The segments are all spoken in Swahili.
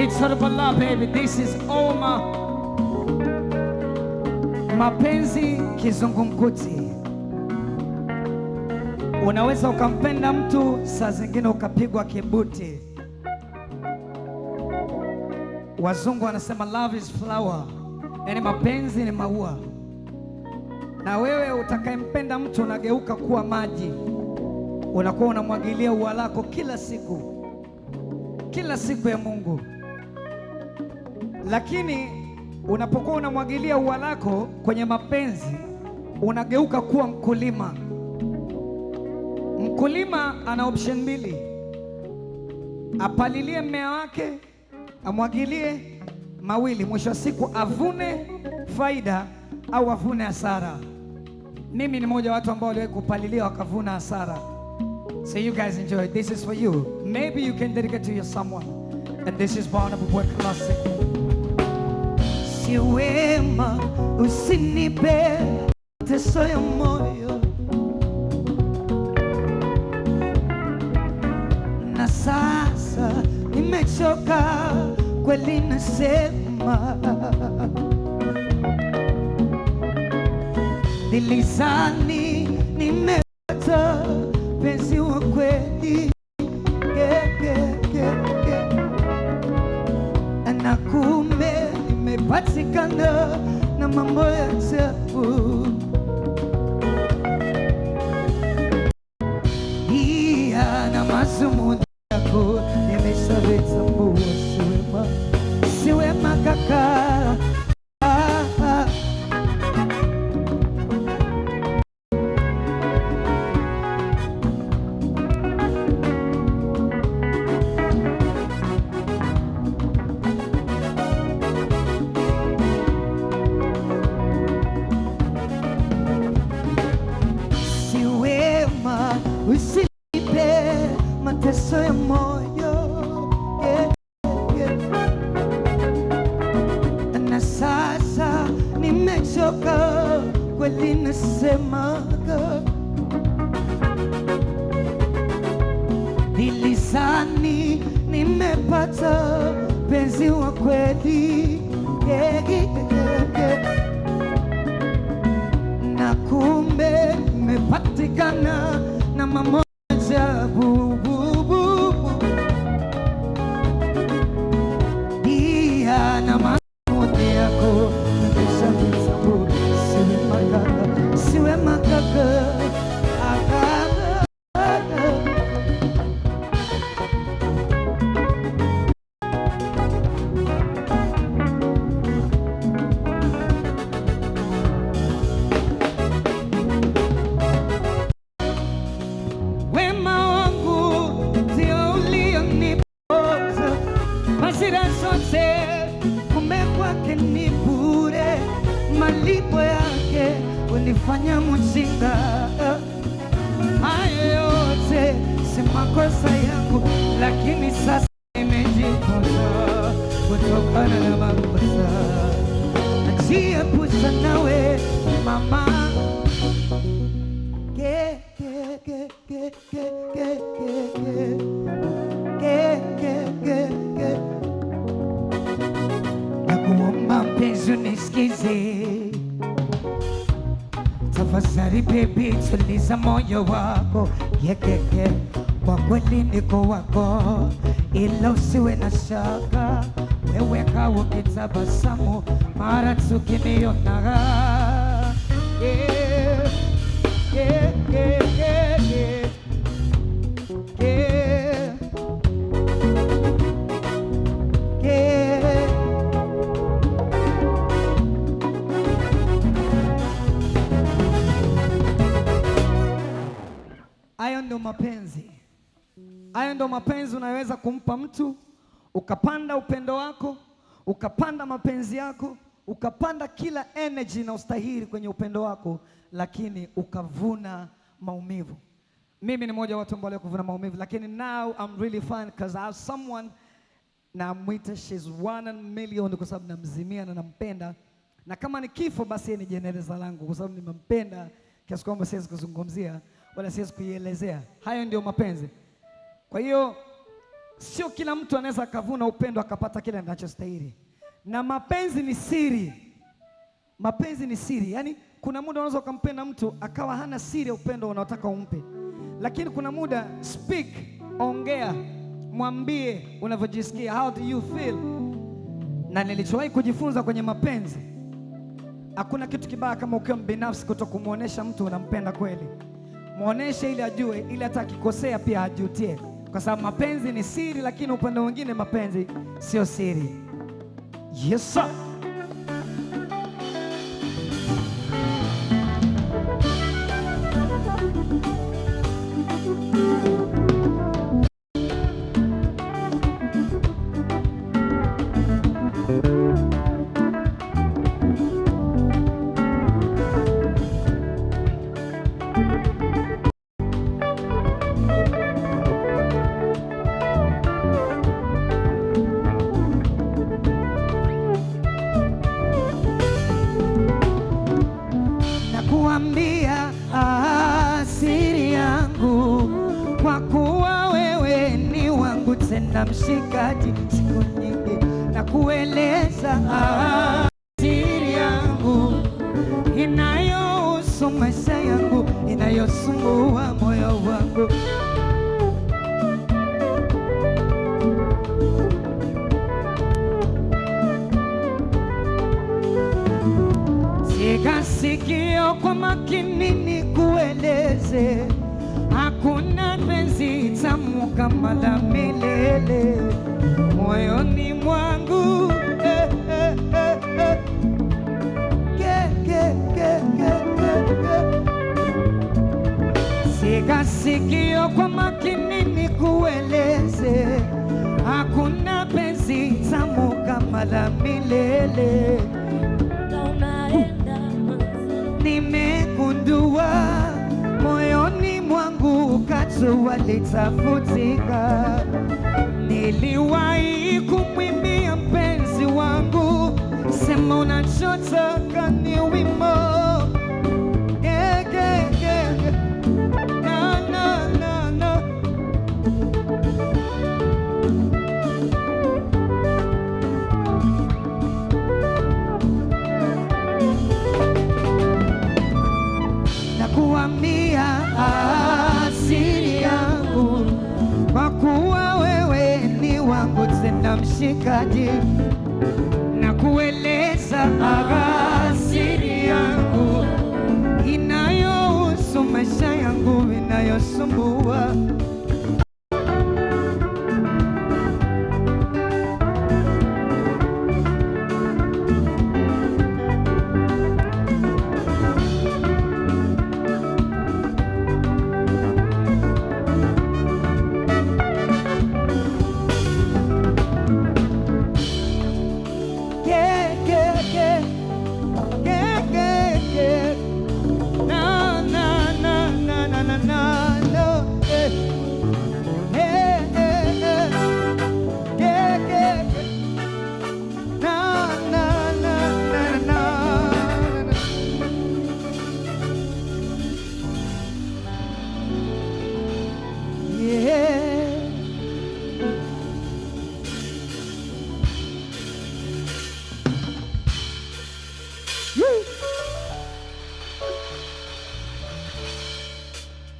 It's all about love baby. This is Oma. Mapenzi kizungumkuti. Unaweza ukampenda mtu, saa zingine ukapigwa kibuti. Wazungu wanasema love is flower, yani mapenzi ni maua, na wewe utakayempenda mtu unageuka kuwa maji, unakuwa unamwagilia ua lako kila siku, kila siku ya Mungu. Lakini unapokuwa unamwagilia ua lako kwenye mapenzi, unageuka kuwa mkulima. Mkulima ana option mbili: apalilie mmea wake, amwagilie mawili, mwisho wa siku avune faida au avune hasara. Mimi ni mmoja wa watu ambao waliwahi kupalilia wakavuna hasara. So you guys enjoy. This is for you. Maybe you can dedicate to your someone. And this is Barnabas Classic nitie wema, usinipe mateso ya moyo. Na sasa nimechoka kweli, nasema nilizani nime usinipe mateso ya moyo yeah, yeah. Na sasa nimechoka kweli, nasemaga nilizani nimepata penzi wa kweli yeah, yeah, yeah, yeah. Na kumbe mepatikana mamá. para namang mama baby tuliza moyo wako Ye, kwa kweli niko wako ila usiwe na shaka weweka ukitabasamu mara tukimionaga Hayo ndo mapenzi, hayo ndo mapenzi unaweza kumpa mtu ukapanda upendo wako, ukapanda mapenzi yako, ukapanda kila energy na ustahili kwenye upendo wako, lakini ukavuna maumivu. Mimi ni mmoja wa watu ambao kuvuna maumivu, lakini now I'm really fine because I have someone namwita she's one million kwa sababu namzimia na nampenda, na kama ni kifo basi ni jeneza langu kwa sababu nimempenda kiasi kwamba siwezi kuzungumzia wala siwezi kuielezea. Hayo ndio mapenzi. Kwa hiyo sio kila mtu anaweza akavuna upendo akapata kile anachostahili, na mapenzi ni siri. Mapenzi ni siri, yaani kuna muda unaweza ukampenda mtu akawa hana siri ya upendo unaotaka umpe, lakini kuna muda speak, ongea, mwambie unavyojisikia, how do you feel. Na nilichowahi kujifunza kwenye mapenzi, hakuna kitu kibaya kama ukiwa mbinafsi kuto kumwonyesha mtu unampenda kweli. mwonyeshe ili ajue, ili hata akikosea pia ajutie kwa sababu mapenzi ni siri, lakini upande mwingine mapenzi sio siri. Yes sir. tena mshikaji, siku nyingi na kueleza siri yangu inayohusu maisha yangu inayosumbua moyo wangu sika sikio kwa makini ni kueleza rehema la milele moyoni mwangu sikasikio kwa makini nikueleze, hakuna penzi tamu kama la milele. Unaenda Yesu alitafutika. Niliwahi kumwimbia mpenzi wangu, sema unachotaka ni wimbo mshikaji na kueleza siri yangu inayohusu maisha yangu inayosumbua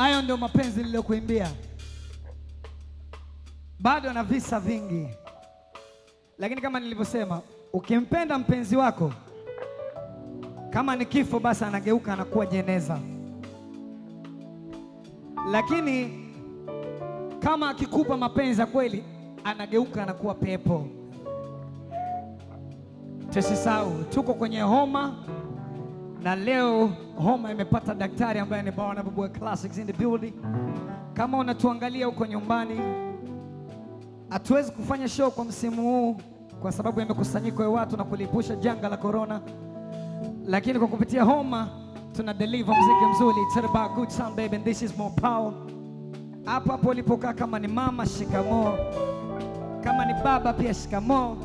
Hayo ndio mapenzi niliyokuimbia. Bado na visa vingi, lakini kama nilivyosema, ukimpenda mpenzi wako kama ni kifo, basi anageuka anakuwa jeneza, lakini kama akikupa mapenzi ya kweli, anageuka anakuwa pepo. Tusisahau tuko kwenye homa na leo homa imepata daktari ambaye ni Bwana Bubu Classics in the building. Kama unatuangalia huko nyumbani, hatuwezi kufanya show kwa msimu huu kwa sababu ya mikusanyiko ya watu na kulipusha janga la corona, lakini kwa kupitia homa tuna deliver mziki mzuri. It's about good time, baby and this is more power. Hapo hapo ulipokaa, kama ni mama shikamoo, kama ni baba pia shikamoo,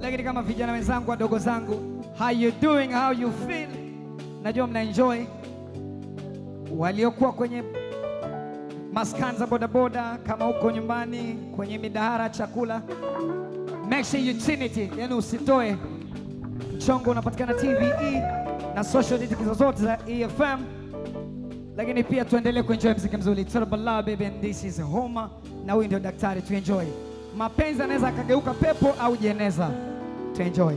lakini kama vijana wenzangu, wadogo zangu, how you doing, how you feeling? najua mna enjoy. Waliokuwa kwenye maskani za bodaboda, kama huko nyumbani kwenye midahara chakula, make sure you tin it, yani usitoe mchongo. Unapatikana TVE na social network zote za EFM, lakini pia tuendelee kuenjoy mziki mzuri. Tarabala baby and this is Homa, na huyu ndio daktari. Tuenjoy. Mapenzi anaweza akageuka pepo au jeneza. Tuenjoy.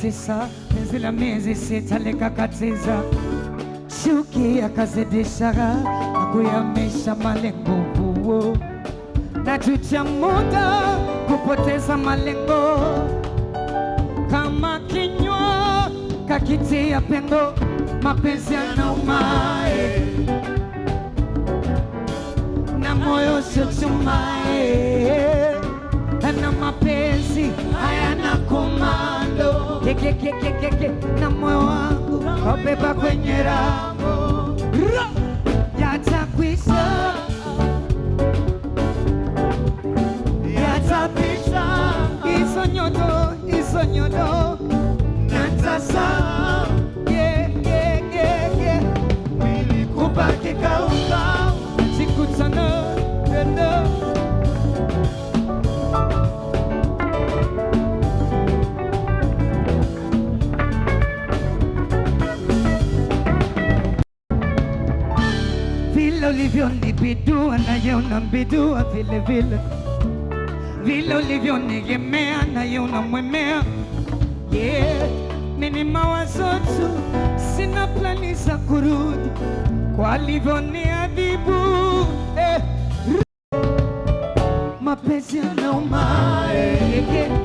tisa, penzi la miezi sita likakatiza, chuki akazidisha na kuyamisha malengo huo, na chucha muda kupoteza malengo, kama kinywa kakitia pengo, mapenzi yanaumae na moyo siochumae na mapenzi hayana komando na moyo wangu wabeba kwenye hizo hizo natasa yeah, yeah, yeah, yeah. kikao ulivyonibidua naye unambidua vilevile, vile ulivyonigemea naye unamwemea. Yeah, ni mawazo tu, sina plani za kurudi kwa alivyoniadhibu. Eh, mapenzi yanauma. Eh, eh.